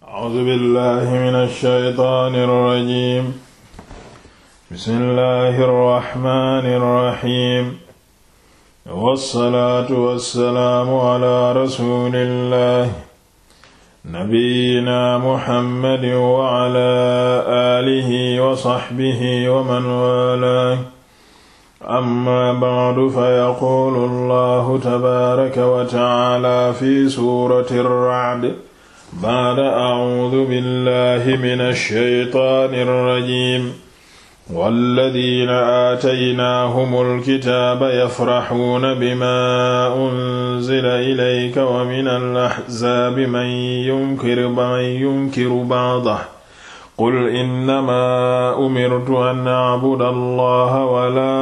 A'uuzu billaahi mina shaytaani rajiim. Bismillaahi rahmaani rahiim. Wassalaatu wassalaamu alaa rasuulillaahi. Nabiyyinaa Muhammadin wa alaa aalihi wa sahbihi wa man waalaahu. Ammaa ba'du fa yaquulu Allaahu tabaaraka wa ta'aalaa fi suurati Ra'd. baada acuudu billahi min alsheytaani alrajim walladina aataynaahum alkitaaba yafraxuuna bima unzila ilayka wa min alaxzaabi man yunkir man yunkiru bacdah qul innama umirtu an acbuda allaha wala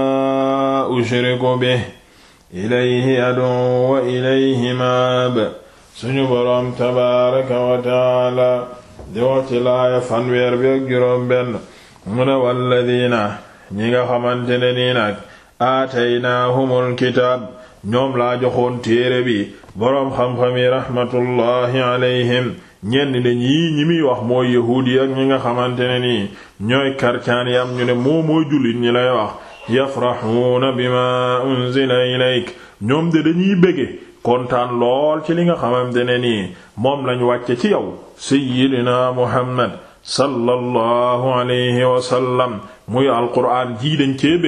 ushriku bih ilayhi adcu wa ilayhi maab suñu boroom tabaaraka wa di wax fanweer bi ak juróom benn mu ne walladiina ñi nga xamante ne nii nag aataynaahumul kitaab ñoom laa joxoon téere bi boroom xam-xam yi raxmatullaahi alayhim ñenn ne ñii ñi muy wax mooy yahuud ak ñi nga xamante ne nii ñooy karcaan yi am ñu ne moo mooy jullit ñi lay wax yafraxuuna bima unzila ilayk ñoom de dañuy bëgge kontaan lool ci li nga xamante ne nii moom lañu wàcce ci yow sayyidina muhammad sallallahu alayhi wa sallam muy alquraan jii dañ cee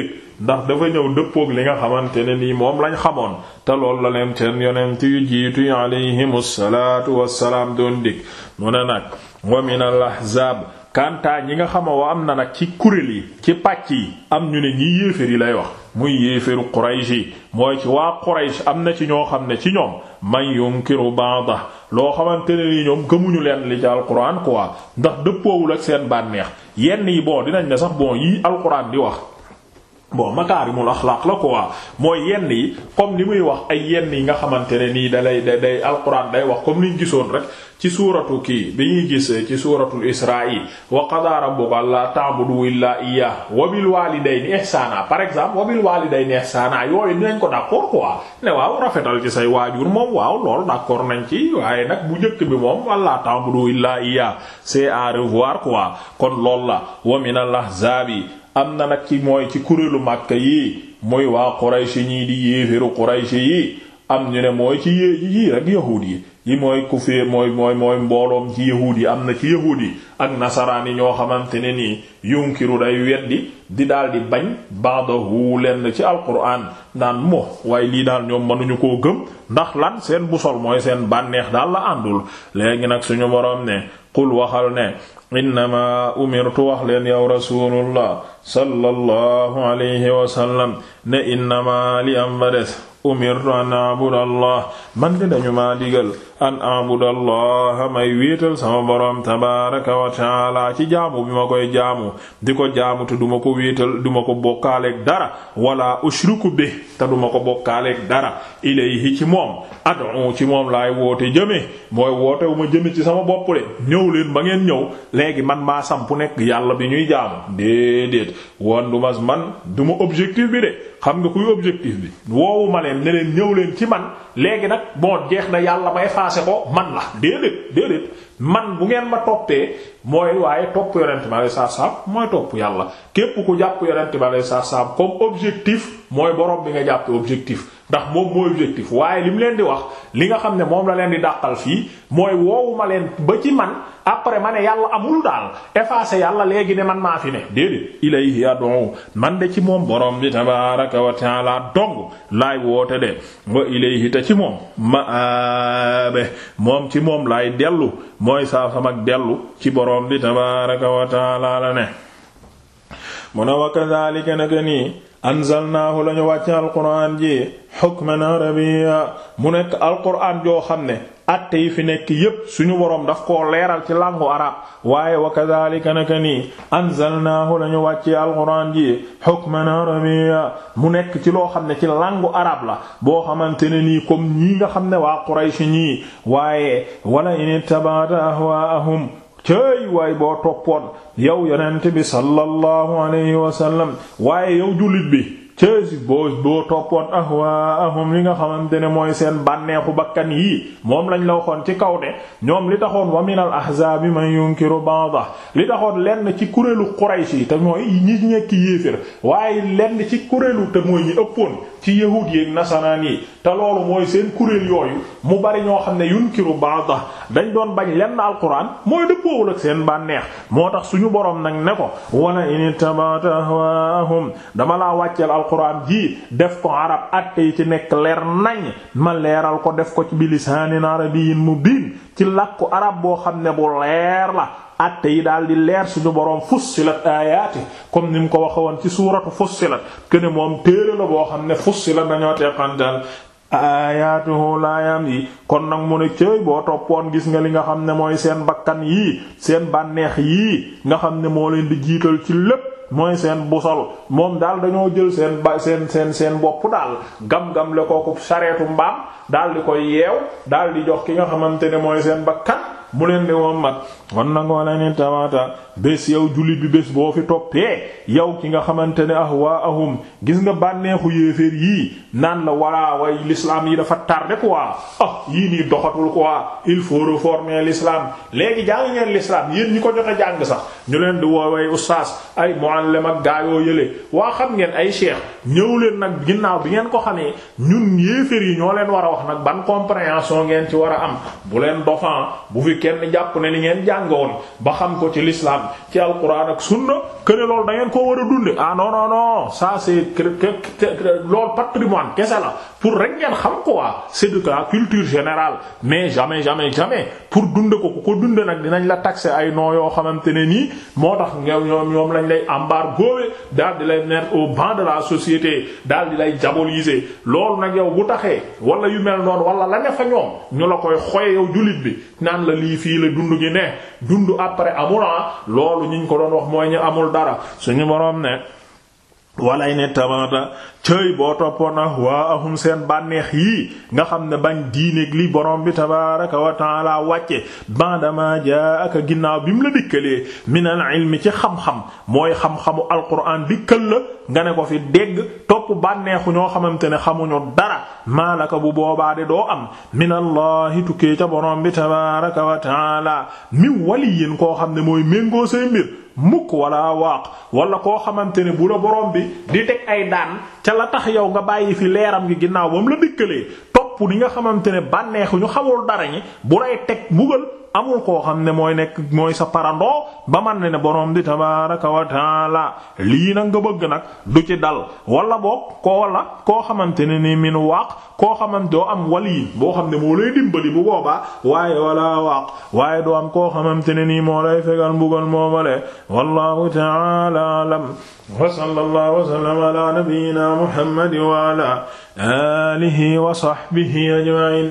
ndax dafa ñëw dëppook li nga xamante ne nii moom lañ xamoon te loolu la leen seen yonent yu jiitu yi alayhimu salaatu wassalaam doon dig mu ne nag wa min al ahzaab kantaa ñi nga xama am na nag ci kuréel yi ci pàcc yi am ñu ne ñi yéeféer yi lay wax muy yéeféru Quraysh yi mooy ci waa Quraysh am na ci ñoo xam ne ci ñoom man yunkiru ba'da loo xamante ne nii ñoom gëmuñu leen li ci alquran quoi ndax dëppoowul ak seen bànneex yenn yi bon dinañ ne sax bon yii alquran di wax bon makaarimul axlaaq la quoi mooy yenn yi comme ni muy wax ay yenn yi nga xamante ne nii da lay day day alquran day wax comme ni ñu gisoon rek ci suuratu kii bi ñuy gis ci suuratul israa yi wa qadaa rabbuka allaa ta'budu illaa iyyaahu wa bil waalidayni ihsaana par exemple wa bil waalidayni ihsaana yooyu dinañ ko d'accord quoi ne waaw rafetal ci say waajur moom waaw lool d'accord nañ ci waaye nag bu njëkk bi moom la ta'budu illaa iyyaahu c'est à revoir quoi kon loolu la wa am na nag ci mooy ci kuréelu màkka yi muy waa Quraysh ñii di yéeféru Quraysh yi am ñu ne mooy ci yée yi rek yahuud yi yi mooy ku fee mooy mooy mooy mbooloom ci yahuud yi am na ci yahuud yi ak nasaraan yi ñoo xamante ne nii yunkiru day weddi di daal di bañ baadahu lenn ci alquran naan mo waaye lii daal ñoom mënuñu ko gëm ndax lan seen busol mooy seen bànneex daal la àndul léegi nag suñu moroom ne qul waxal ne innama umirtu wax leen yow rasulullah sallallahu alayhi wa sallam ne innama li am ba des umirtu an abudallah man de dañu maa digal an abudallah may wéetal sama borom tabaraka wa taala ci jaamu bi ma koy jaamu di ko jaamu te duma ko wéetal duma ko bokkaaleeg dara wala ushriku bi te duma ko bokkaaleeg dara ilayhi ci moom ad'u ci moom laay woote jëme mooy woote wu ma jëme ci sama bopp de ñëw leen ba ngeen ñëw léegi man maa sampu nekk yàlla bi ñuy jaamu déedéet woon du ma man duma ma objectif bi de xam nga kuy objectif bi woowu ma leen ne leen ñëw leen ci man léegi nag bon jeex na yàlla may faase ko man la déedéet déedéet man bu ngeen ma toppee mooy waaye topp yonent bi aleyhi salaatu salaam mooy topp yàlla képp ku jàpp yonent bi aleyhi salaatu salaam comme objectif mooy borom bi nga jàppee objectif. ndax moom mooy objectif waaye li leen di wax li nga xam ne moom la leen di dàqal fii mooy woowu ma leen ba ci man après ma ne yàlla amul daal effacé yàlla léegi ne man maa fi ne déedéet ilayhi ad'u man de ci moom boroom bi tabaraka wa taala dong laay woote de wa ilayhi te ci moom ma maabe moom ci moom lay dellu mooy saa samak dellu ci borom bi tabaraka wa la ne mu ne wa kadhalika naka nii anzalnaahu lañu wàcc alquraan ji hukman arabiyya mu nekk alquraan joo xam ne atte yi fi nekk yépp suñu boroom daf ko leeral ci làngu arab waaye wa kadhalika naka nii anzalnaahu lañu wàcc alquraan ji hukman arabiyya mu nekk ci loo xam ne ci làngu arab la boo xamante ne nii comme ñii nga xam ne waa quraysh ñii waaye wala in tabata ahwaahum cëy waay boo toppoon yow yonent bi sallallahu alayhi wa sallam waaye yow jullit bi cëy si boo boo toppoon ahwaahum li nga xamante ne mooy seen bànneexu bakkan yii moom lañ la waxoon ci kaw ne ñoom li taxoon wa minal ahzaabi man yunkiru ba'da li taxoon lenn ci kuréelu Quraysh yi te mooy ñi nekk yéefér waaye lenn ci kuréelu te mooy ñi ëppoon ci yahud yi ak nasaraan yi te loolu mooy seen kuréel yooyu mu bari ñoo xam ne yunkiru ba'da dañ doon bañ lenn alquran mooy dëppoowul ak seen bànneex moo tax suñu boroom nag ne ko wala in tabata dama laa wàcceel alquran ji def ko arab atte yi ci nekk leer nañ ma leeral ko def ko ci bilisaanin mu mubiin ci làkku arab boo xam ne bu leer la atte yi daal di leer suñu boroom fussilat aayaati comme ni mu ko waxe woon ci suuratu fussilat kene moom téere la boo xam ne fussilat dañoo daal ayaatuhu laayam yi kon nag mu ne cëy boo toppoon gis nga li nga xam ne mooy seen bakkan yii seen bànneex yii nga xam ne moo leen di jiital ci lépp mooy seen busol moom daal dañoo jël seen seen seen seen bopp daal gam-gam le kooku sareetu mbaam daal di koy yeew daal di jox ki nga xamante ne mooy seen bakkan mu leen di wommat kon nag wala ni tamata bés yow jullit bi bés boo fi toppee yow ki nga xamante ne ahwaahum gis nga bànneexu yéeféer yii naan la walaa way lislaam yi dafa tardé waa ah yii nii doxatul quoi il faut réformer lislaam léegi jàng ngeen l'islam yéen ñi ko jot a jàng sax ñu leen di woowee ustaas ay muallim ak gaayoo yële waa xam ngeen ay cheikh ñëw leen nag ginnaaw bi ngeen ko xamee ñun yéeféer yi ñoo leen war a wax nag ban compréhension ngeen ci war a am leen dofan bi kenn jàpp na li ngeen jàngoon ba xam ko ci l'islam ci alquran ak sunna këne loolu da ngeen koo war a dunde ah non non non ça c'est loolu patrimoine kese la pour rek ngeen xam quoi c'est de la culture général mais jamais jamais jamais pour dund ko ku ko dund nag dinañ la taxer ay noo yoo xamante ne nii moo tax ñoom ñoom ñoom lañu lay embargoé daal di lay mettre au banc de la société daal di lay diaboliser loolu nag yow bu taxee wala yu mel noonu wala la ne fa ñoom ñu la koy xoye yow jullit bi naan la lii fii la dund gi ne dund après amul ah. loolu ñi ñu ko doon wax mooy ñu amul dara suñu borom ne. walay ne tamata cëy boo toppoon ahwaahum seen bànneex yii nga xam ne bañ diineeg li borom bi tabaraka wa taala wàcce bandama ja aka ginnaaw bi mu la dikkalee minal ilmi ci xam-xam mooy xam-xamu alquran dikkal la nga ne ko fi dégg topp bànneexu ñoo xamante ne xamuñu dara maalaka bu boobaa de doo am minallahi tukkee ca borom bi tabaraka wa taala mi wali yéen koo xam ne mooy méngoo say mbir mukk wala waaq walla koo xamante ne bu la borom bi di teg ay daan ca la tax yow nga bàyyi fi leeram gi ginnaaw ba la dikkalee topp li nga xamante ne bànneexu ñu xamul dara ñi bu lay teg mbugal amul koo xam ne mooy nekk mooy sa parandoo ba man ne ne borom di tabaaraka wa taala lii nag nga bëgg du ci dal wala boog koo wala koo xamante ne ni min waaq koo xamante doo am wali boo xam ne moo lay dimbali bu boobaa waaye wala waaq waaye doo am koo xamante ne nii moo lay fegal mbugal moomale wallahu taala alam wa sallallahu wa sallama ala nabiyyina muhammad wa ala alihi wa sahbihi ajma'in